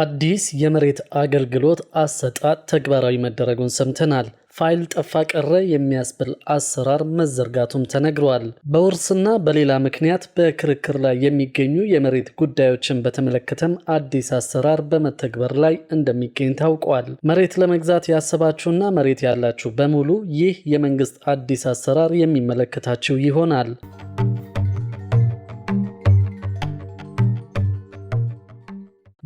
አዲስ የመሬት አገልግሎት አሰጣጥ ተግባራዊ መደረጉን ሰምተናል። ፋይል ጠፋ ቀረ የሚያስብል አሰራር መዘርጋቱም ተነግሯል። በውርስና በሌላ ምክንያት በክርክር ላይ የሚገኙ የመሬት ጉዳዮችን በተመለከተም አዲስ አሰራር በመተግበር ላይ እንደሚገኝ ታውቋል። መሬት ለመግዛት ያሰባችሁና መሬት ያላችሁ በሙሉ ይህ የመንግስት አዲስ አሰራር የሚመለከታችሁ ይሆናል።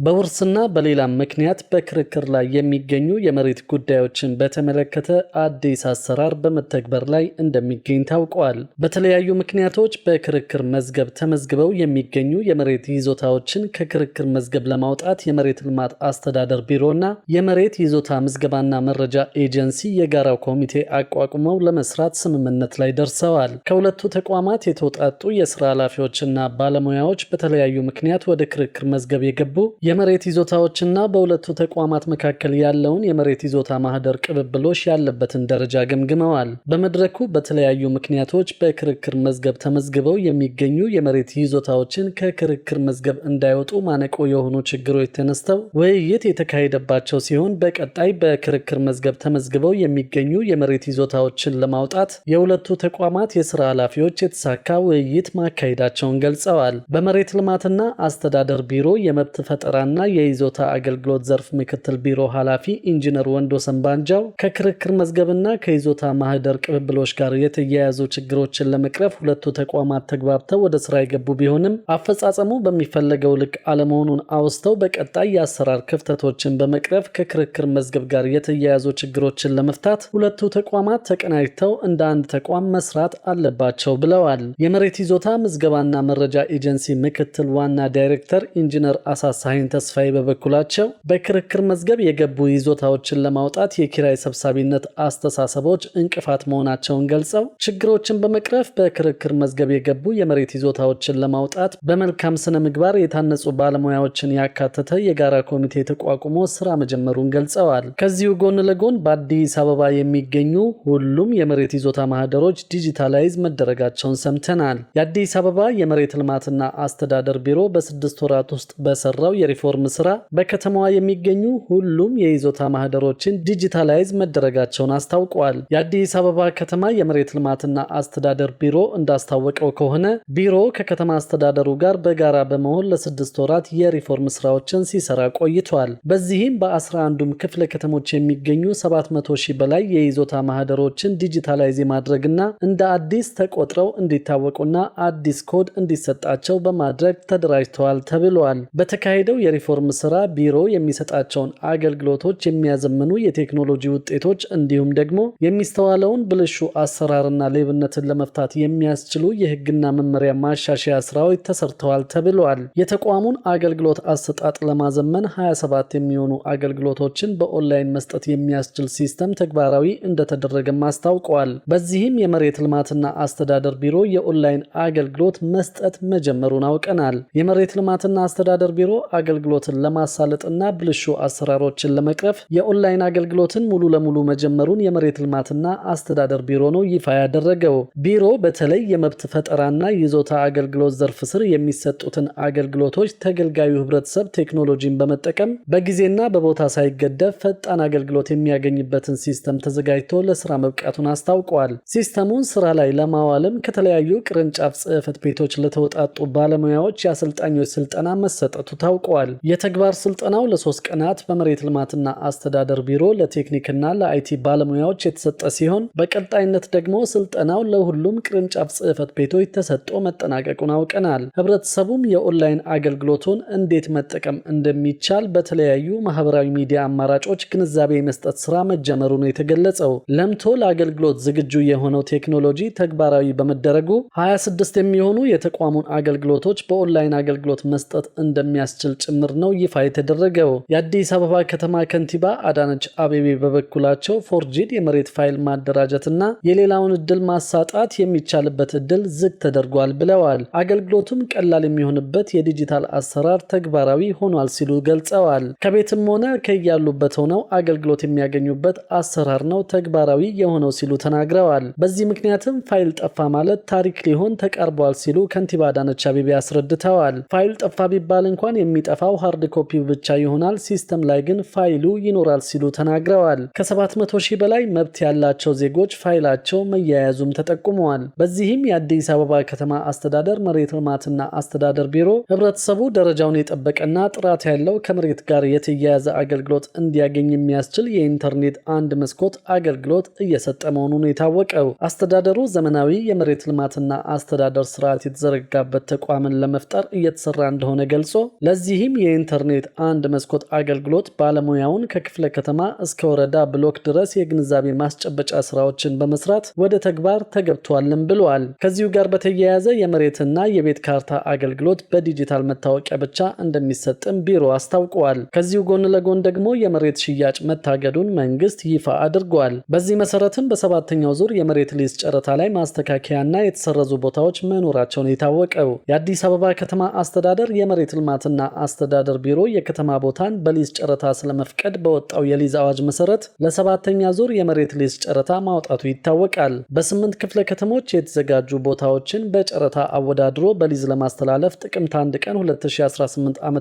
በውርስና በሌላም ምክንያት በክርክር ላይ የሚገኙ የመሬት ጉዳዮችን በተመለከተ አዲስ አሰራር በመተግበር ላይ እንደሚገኝ ታውቋል። በተለያዩ ምክንያቶች በክርክር መዝገብ ተመዝግበው የሚገኙ የመሬት ይዞታዎችን ከክርክር መዝገብ ለማውጣት የመሬት ልማት አስተዳደር ቢሮና የመሬት ይዞታ ምዝገባና መረጃ ኤጀንሲ የጋራ ኮሚቴ አቋቁመው ለመስራት ስምምነት ላይ ደርሰዋል። ከሁለቱ ተቋማት የተውጣጡ የስራ ኃላፊዎችና ባለሙያዎች በተለያዩ ምክንያት ወደ ክርክር መዝገብ የገቡ የመሬት ይዞታዎችና በሁለቱ ተቋማት መካከል ያለውን የመሬት ይዞታ ማህደር ቅብብሎሽ ያለበትን ደረጃ ገምግመዋል። በመድረኩ በተለያዩ ምክንያቶች በክርክር መዝገብ ተመዝግበው የሚገኙ የመሬት ይዞታዎችን ከክርክር መዝገብ እንዳይወጡ ማነቆ የሆኑ ችግሮች ተነስተው ውይይት የተካሄደባቸው ሲሆን በቀጣይ በክርክር መዝገብ ተመዝግበው የሚገኙ የመሬት ይዞታዎችን ለማውጣት የሁለቱ ተቋማት የስራ ኃላፊዎች የተሳካ ውይይት ማካሄዳቸውን ገልጸዋል። በመሬት ልማትና አስተዳደር ቢሮ የመብት ፈጠራ የጥበቃና የይዞታ አገልግሎት ዘርፍ ምክትል ቢሮ ኃላፊ ኢንጂነር ወንዶ ሰንባንጃው ከክርክር መዝገብና ከይዞታ ማህደር ቅብብሎች ጋር የተያያዙ ችግሮችን ለመቅረፍ ሁለቱ ተቋማት ተግባብተው ወደ ስራ የገቡ ቢሆንም አፈጻጸሙ በሚፈለገው ልክ አለመሆኑን አውስተው በቀጣይ የአሰራር ክፍተቶችን በመቅረፍ ከክርክር መዝገብ ጋር የተያያዙ ችግሮችን ለመፍታት ሁለቱ ተቋማት ተቀናጅተው እንደ አንድ ተቋም መስራት አለባቸው ብለዋል። የመሬት ይዞታ ምዝገባና መረጃ ኤጀንሲ ምክትል ዋና ዳይሬክተር ኢንጂነር አሳሳይን ተስፋዬ በበኩላቸው በክርክር መዝገብ የገቡ ይዞታዎችን ለማውጣት የኪራይ ሰብሳቢነት አስተሳሰቦች እንቅፋት መሆናቸውን ገልጸው ችግሮችን በመቅረፍ በክርክር መዝገብ የገቡ የመሬት ይዞታዎችን ለማውጣት በመልካም ስነ ምግባር የታነጹ ባለሙያዎችን ያካተተ የጋራ ኮሚቴ ተቋቁሞ ስራ መጀመሩን ገልጸዋል። ከዚሁ ጎን ለጎን በአዲስ አበባ የሚገኙ ሁሉም የመሬት ይዞታ ማህደሮች ዲጂታላይዝ መደረጋቸውን ሰምተናል። የአዲስ አበባ የመሬት ልማትና አስተዳደር ቢሮ በስድስት ወራት ውስጥ በሰራው ሪፎርም ስራ በከተማዋ የሚገኙ ሁሉም የይዞታ ማህደሮችን ዲጂታላይዝ መደረጋቸውን አስታውቋል። የአዲስ አበባ ከተማ የመሬት ልማትና አስተዳደር ቢሮ እንዳስታወቀው ከሆነ ቢሮ ከከተማ አስተዳደሩ ጋር በጋራ በመሆን ለስድስት ወራት የሪፎርም ስራዎችን ሲሰራ ቆይቷል። በዚህም በ11ዱም ክፍለ ከተሞች የሚገኙ 700 ሺህ በላይ የይዞታ ማህደሮችን ዲጂታላይዝ የማድረግና እንደ አዲስ ተቆጥረው እንዲታወቁና አዲስ ኮድ እንዲሰጣቸው በማድረግ ተደራጅተዋል ተብሏል። በተካሄደው የሪፎርም ስራ ቢሮ የሚሰጣቸውን አገልግሎቶች የሚያዘምኑ የቴክኖሎጂ ውጤቶች እንዲሁም ደግሞ የሚስተዋለውን ብልሹ አሰራርና ሌብነትን ለመፍታት የሚያስችሉ የህግና መመሪያ ማሻሻያ ስራዎች ተሰርተዋል ተብለዋል። የተቋሙን አገልግሎት አሰጣጥ ለማዘመን 27 የሚሆኑ አገልግሎቶችን በኦንላይን መስጠት የሚያስችል ሲስተም ተግባራዊ እንደተደረገም አስታውቀዋል። በዚህም የመሬት ልማትና አስተዳደር ቢሮ የኦንላይን አገልግሎት መስጠት መጀመሩን አውቀናል። የመሬት ልማትና አስተዳደር ቢሮ አገልግሎትን ለማሳለጥና ብልሹ አሰራሮችን ለመቅረፍ የኦንላይን አገልግሎትን ሙሉ ለሙሉ መጀመሩን የመሬት ልማትና አስተዳደር ቢሮ ነው ይፋ ያደረገው። ቢሮ በተለይ የመብት ፈጠራና ይዞታ አገልግሎት ዘርፍ ስር የሚሰጡትን አገልግሎቶች ተገልጋዩ ህብረተሰብ ቴክኖሎጂን በመጠቀም በጊዜና በቦታ ሳይገደብ ፈጣን አገልግሎት የሚያገኝበትን ሲስተም ተዘጋጅቶ ለስራ መብቃቱን አስታውቋል። ሲስተሙን ስራ ላይ ለማዋልም ከተለያዩ ቅርንጫፍ ጽህፈት ቤቶች ለተውጣጡ ባለሙያዎች የአሰልጣኞች ስልጠና መሰጠቱ ታውቋል። ተሰጥቷል። የተግባር ስልጠናው ለሶስት ቀናት በመሬት ልማትና አስተዳደር ቢሮ ለቴክኒክና ለአይቲ ባለሙያዎች የተሰጠ ሲሆን በቀጣይነት ደግሞ ስልጠናው ለሁሉም ቅርንጫፍ ጽህፈት ቤቶች ተሰጥቶ መጠናቀቁን አውቀናል። ህብረተሰቡም የኦንላይን አገልግሎቱን እንዴት መጠቀም እንደሚቻል በተለያዩ ማህበራዊ ሚዲያ አማራጮች ግንዛቤ የመስጠት ስራ መጀመሩ ነው የተገለጸው። ለምቶ ለአገልግሎት ዝግጁ የሆነው ቴክኖሎጂ ተግባራዊ በመደረጉ 26 የሚሆኑ የተቋሙን አገልግሎቶች በኦንላይን አገልግሎት መስጠት እንደሚያስችል ጭምር ጭምር ነው ይፋ የተደረገው። የአዲስ አበባ ከተማ ከንቲባ አዳነች አቤቤ በበኩላቸው ፎርጂድ የመሬት ፋይል ማደራጀትና የሌላውን እድል ማሳጣት የሚቻልበት እድል ዝግ ተደርጓል ብለዋል። አገልግሎቱም ቀላል የሚሆንበት የዲጂታል አሰራር ተግባራዊ ሆኗል ሲሉ ገልጸዋል። ከቤትም ሆነ ከያሉበት ሆነው አገልግሎት የሚያገኙበት አሰራር ነው ተግባራዊ የሆነው ሲሉ ተናግረዋል። በዚህ ምክንያትም ፋይል ጠፋ ማለት ታሪክ ሊሆን ተቃርቧል ሲሉ ከንቲባ አዳነች አቤቤ አስረድተዋል። ፋይል ጠፋ ቢባል እንኳን የሚጠፋ የሚጠፋው ሃርድ ኮፒ ብቻ ይሆናል፣ ሲስተም ላይ ግን ፋይሉ ይኖራል ሲሉ ተናግረዋል። ከ700 ሺህ በላይ መብት ያላቸው ዜጎች ፋይላቸው መያያዙም ተጠቁመዋል። በዚህም የአዲስ አበባ ከተማ አስተዳደር መሬት ልማትና አስተዳደር ቢሮ ህብረተሰቡ ደረጃውን የጠበቀና ጥራት ያለው ከመሬት ጋር የተያያዘ አገልግሎት እንዲያገኝ የሚያስችል የኢንተርኔት አንድ መስኮት አገልግሎት እየሰጠ መሆኑን የታወቀው አስተዳደሩ ዘመናዊ የመሬት ልማትና አስተዳደር ስርዓት የተዘረጋበት ተቋምን ለመፍጠር እየተሰራ እንደሆነ ገልጾ ለዚህም ይህም የኢንተርኔት አንድ መስኮት አገልግሎት ባለሙያውን ከክፍለ ከተማ እስከ ወረዳ ብሎክ ድረስ የግንዛቤ ማስጨበጫ ስራዎችን በመስራት ወደ ተግባር ተገብቷልም ብለዋል። ከዚሁ ጋር በተያያዘ የመሬትና የቤት ካርታ አገልግሎት በዲጂታል መታወቂያ ብቻ እንደሚሰጥም ቢሮ አስታውቀዋል። ከዚሁ ጎን ለጎን ደግሞ የመሬት ሽያጭ መታገዱን መንግስት ይፋ አድርጓል። በዚህ መሰረትም በሰባተኛው ዙር የመሬት ሊዝ ጨረታ ላይ ማስተካከያና የተሰረዙ ቦታዎች መኖራቸውን የታወቀው የአዲስ አበባ ከተማ አስተዳደር የመሬት ልማትና አስተ አስተዳደር ቢሮ የከተማ ቦታን በሊዝ ጨረታ ስለመፍቀድ በወጣው የሊዝ አዋጅ መሰረት ለሰባተኛ ዙር የመሬት ሊዝ ጨረታ ማውጣቱ ይታወቃል። በስምንት ክፍለ ከተሞች የተዘጋጁ ቦታዎችን በጨረታ አወዳድሮ በሊዝ ለማስተላለፍ ጥቅምት 1 ቀን 2018 ዓ ም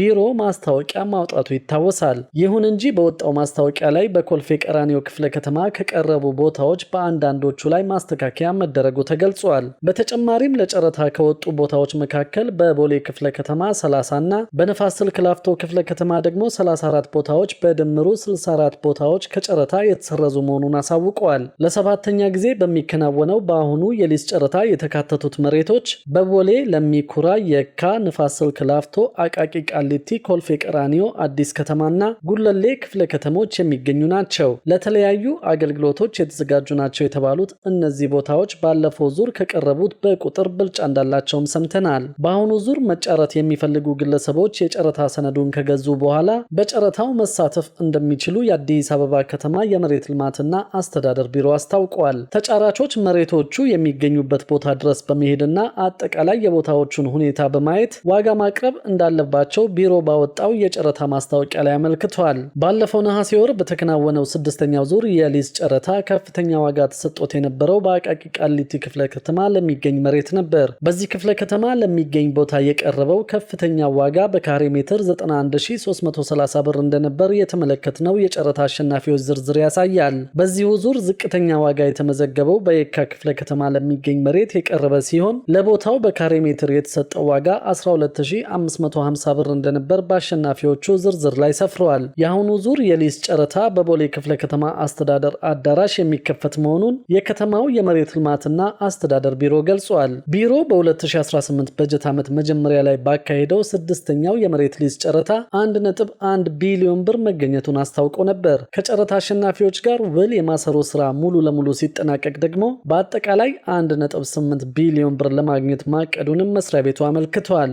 ቢሮ ማስታወቂያ ማውጣቱ ይታወሳል። ይሁን እንጂ በወጣው ማስታወቂያ ላይ በኮልፌ ቀራኒዮ ክፍለ ከተማ ከቀረቡ ቦታዎች በአንዳንዶቹ ላይ ማስተካከያ መደረጉ ተገልጿል። በተጨማሪም ለጨረታ ከወጡ ቦታዎች መካከል በቦሌ ክፍለ ከተማ 30 እና በነፋስ ስልክ ላፍቶ ክፍለ ከተማ ደግሞ 34 ቦታዎች በድምሩ 64 ቦታዎች ከጨረታ የተሰረዙ መሆኑን አሳውቀዋል። ለሰባተኛ ጊዜ በሚከናወነው በአሁኑ የሊዝ ጨረታ የተካተቱት መሬቶች በቦሌ ለሚኩራ፣ የካ፣ ንፋስ ስልክ ላፍቶ፣ አቃቂ ቃሊቲ፣ ኮልፌ ቀራኒዮ፣ አዲስ ከተማና ጉለሌ ክፍለ ከተሞች የሚገኙ ናቸው። ለተለያዩ አገልግሎቶች የተዘጋጁ ናቸው የተባሉት እነዚህ ቦታዎች ባለፈው ዙር ከቀረቡት በቁጥር ብልጫ እንዳላቸውም ሰምተናል። በአሁኑ ዙር መጫረት የሚፈልጉ ግለሰቦች ግለሰቦች የጨረታ ሰነዱን ከገዙ በኋላ በጨረታው መሳተፍ እንደሚችሉ የአዲስ አበባ ከተማ የመሬት ልማትና አስተዳደር ቢሮ አስታውቋል። ተጫራቾች መሬቶቹ የሚገኙበት ቦታ ድረስ በመሄድና አጠቃላይ የቦታዎቹን ሁኔታ በማየት ዋጋ ማቅረብ እንዳለባቸው ቢሮ ባወጣው የጨረታ ማስታወቂያ ላይ አመልክቷል። ባለፈው ነሐሴ ወር በተከናወነው ስድስተኛው ዙር የሊዝ ጨረታ ከፍተኛ ዋጋ ተሰጥቶት የነበረው በአቃቂ ቃሊቲ ክፍለ ከተማ ለሚገኝ መሬት ነበር። በዚህ ክፍለ ከተማ ለሚገኝ ቦታ የቀረበው ከፍተኛ ዋጋ በካሬ ሜትር 91330 ብር እንደነበር የተመለከትነው የጨረታ አሸናፊዎች ዝርዝር ያሳያል። በዚሁ ዙር ዝቅተኛ ዋጋ የተመዘገበው በየካ ክፍለ ከተማ ለሚገኝ መሬት የቀረበ ሲሆን ለቦታው በካሬ ሜትር የተሰጠው ዋጋ 12550 ብር እንደነበር በአሸናፊዎቹ ዝርዝር ላይ ሰፍረዋል። የአሁኑ ዙር የሊዝ ጨረታ በቦሌ ክፍለ ከተማ አስተዳደር አዳራሽ የሚከፈት መሆኑን የከተማው የመሬት ልማትና አስተዳደር ቢሮ ገልጿል። ቢሮ በ2018 በጀት ዓመት መጀመሪያ ላይ ባካሄደው ስድስተኛ አምስተኛው የመሬት ሊዝ ጨረታ 1.1 ቢሊዮን ብር መገኘቱን አስታውቆ ነበር። ከጨረታ አሸናፊዎች ጋር ውል የማሰሮ ስራ ሙሉ ለሙሉ ሲጠናቀቅ ደግሞ በአጠቃላይ 1.8 ቢሊዮን ብር ለማግኘት ማቀዱንም መስሪያ ቤቱ አመልክቷል።